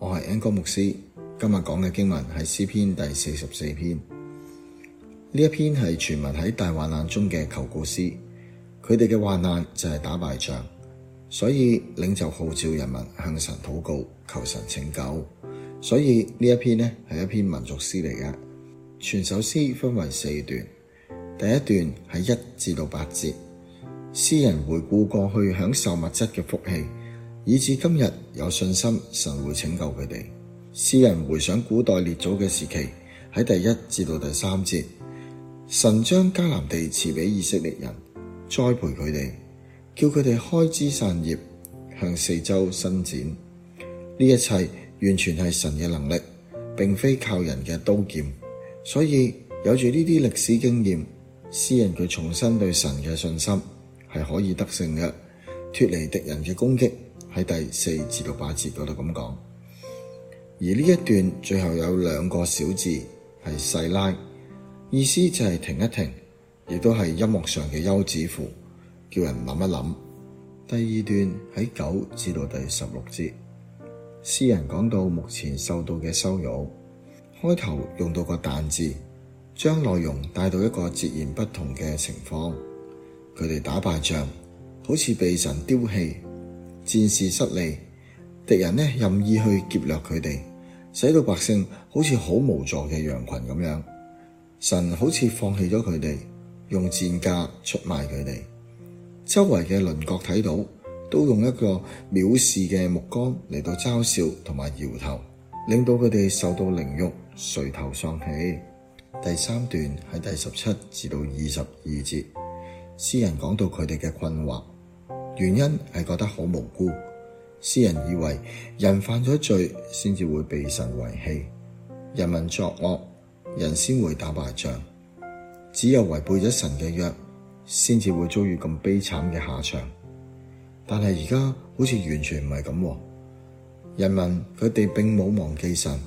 我係安哥牧師，今日講嘅經文係詩篇第四十四篇。呢一篇係全民喺大患難中嘅求告詩，佢哋嘅患難就係打敗仗，所以領袖號召人民向神禱告，求神拯救。所以呢一篇咧係一篇民族詩嚟嘅。全首詩分為四段，第一段係一至到八節，詩人回顧過去享受物質嘅福氣。以至今日有信心，神會拯救佢哋。詩人回想古代列祖嘅時期，喺第一至到第三節，神將迦南地賜俾以色列人，栽培佢哋，叫佢哋開枝散葉，向四周伸展。呢一切完全係神嘅能力，並非靠人嘅刀劍。所以有住呢啲歷史經驗，詩人佢重新對神嘅信心係可以得勝嘅，脫離敵人嘅攻擊。喺第四至到八節嗰度咁講，而呢一段最後有兩個小字係細拉，意思就係停一停，亦都係音樂上嘅休止符，叫人諗一諗。第二段喺九至到第十六節，詩人講到目前受到嘅羞辱，開頭用到個但字，將內容帶到一個截然不同嘅情況，佢哋打敗仗，好似被神丟棄。戰士失利，敵人呢任意去劫掠佢哋，使到百姓好似好無助嘅羊群咁樣。神好似放棄咗佢哋，用賤價出賣佢哋。周圍嘅鄰國睇到，都用一個藐視嘅目光嚟到嘲笑同埋搖頭，令到佢哋受到凌辱，垂頭喪氣。第三段喺第十七至到二十二節，詩人講到佢哋嘅困惑。原因係覺得好無辜，詩人以為人犯咗罪先至會被神遺棄，人民作惡，人先會打敗仗，只有違背咗神嘅約，先至會遭遇咁悲慘嘅下場。但係而家好似完全唔係咁，人民佢哋並冇忘記神，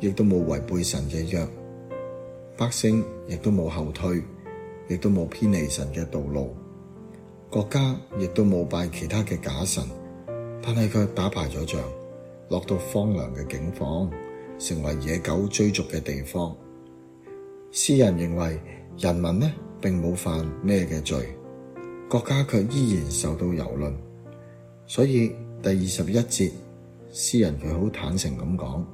亦都冇違背神嘅約，百姓亦都冇後退，亦都冇偏離神嘅道路。國家亦都冇拜其他嘅假神，但係佢打敗咗仗，落到荒涼嘅境況，成為野狗追逐嘅地方。詩人認為人民呢，並冇犯咩嘅罪，國家卻依然受到遊論，所以第二十一節，詩人佢好坦誠咁講：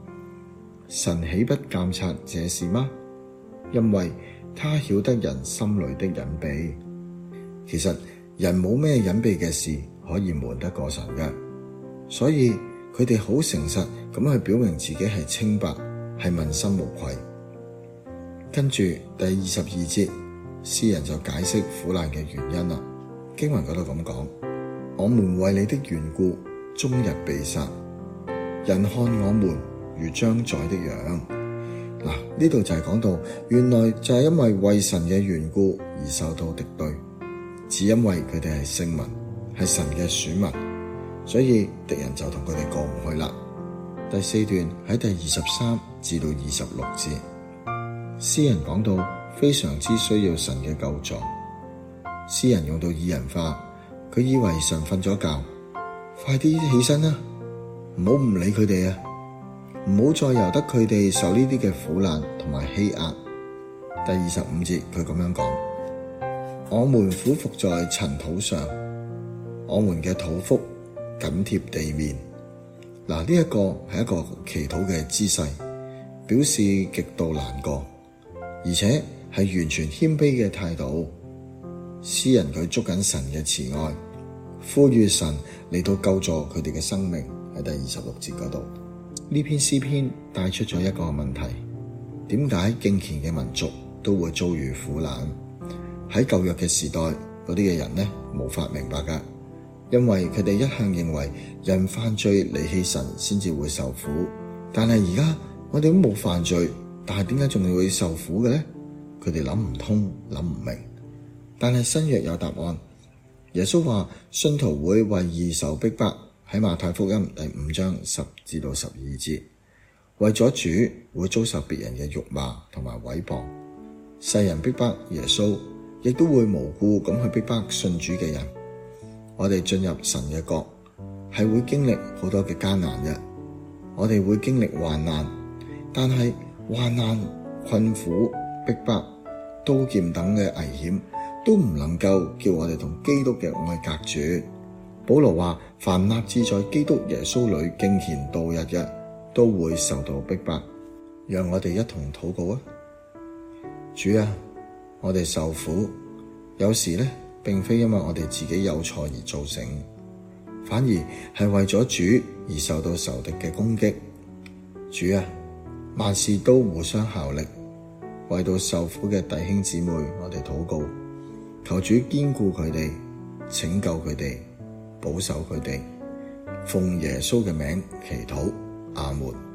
神豈不監察這事嗎？因為他曉得人心裏的隱祕。」其實。人冇咩隱秘嘅事可以瞞得過神嘅，所以佢哋好誠實咁去表明自己係清白，係問心無愧。跟住第二十二節，詩人就解釋苦難嘅原因啦。經文嗰度咁講：我們為你的緣故，終日被殺，人看我們如將宰的羊。嗱，呢度就係講到，原來就係因為為神嘅緣故而受到敵對。只因為佢哋係聖民，係神嘅選民，所以敵人就同佢哋過唔去啦。第四段喺第二十三至到二十六節，詩人講到非常之需要神嘅救助。詩人用到擬人化，佢以為神瞓咗覺，快啲起身啦，唔好唔理佢哋啊，唔好再由得佢哋受呢啲嘅苦難同埋欺壓。第二十五節佢咁樣講。我們俯伏在塵土上，我們嘅肚腹緊貼地面。嗱，呢一個係一個祈禱嘅姿勢，表示極度難過，而且係完全謙卑嘅態度。詩人佢捉緊神嘅慈愛，呼籲神嚟到救助佢哋嘅生命。喺第二十六節嗰度，呢篇詩篇帶出咗一個問題：點解敬虔嘅民族都會遭遇苦難？喺舊約嘅時代，嗰啲嘅人呢，無法明白噶，因為佢哋一向認為人犯罪離棄神先至會受苦。但係而家我哋都冇犯罪，但係點解仲係會受苦嘅呢？佢哋諗唔通諗唔明。但係新約有答案。耶穌話：信徒會為義受逼迫，喺馬太福音第五章十至到十二節，為咗主會遭受別人嘅辱罵同埋毀謗，世人逼迫耶穌。亦都會無故咁去逼迫信主嘅人，我哋進入神嘅國係會經歷好多嘅艱難嘅，我哋會經歷患難，但係患難、困苦、逼迫、刀劍等嘅危險都唔能夠叫我哋同基督嘅愛隔絕。保羅話：凡立志在基督耶穌裏敬虔度日嘅，都會受到逼迫。讓我哋一同禱告啊，主啊！我哋受苦，有時咧，並非因為我哋自己有錯而造成，反而係為咗主而受到仇敵嘅攻擊。主啊，萬事都互相效力，為到受苦嘅弟兄姊妹，我哋禱告，求主眷顧佢哋，拯救佢哋，保守佢哋，奉耶穌嘅名祈禱，阿門。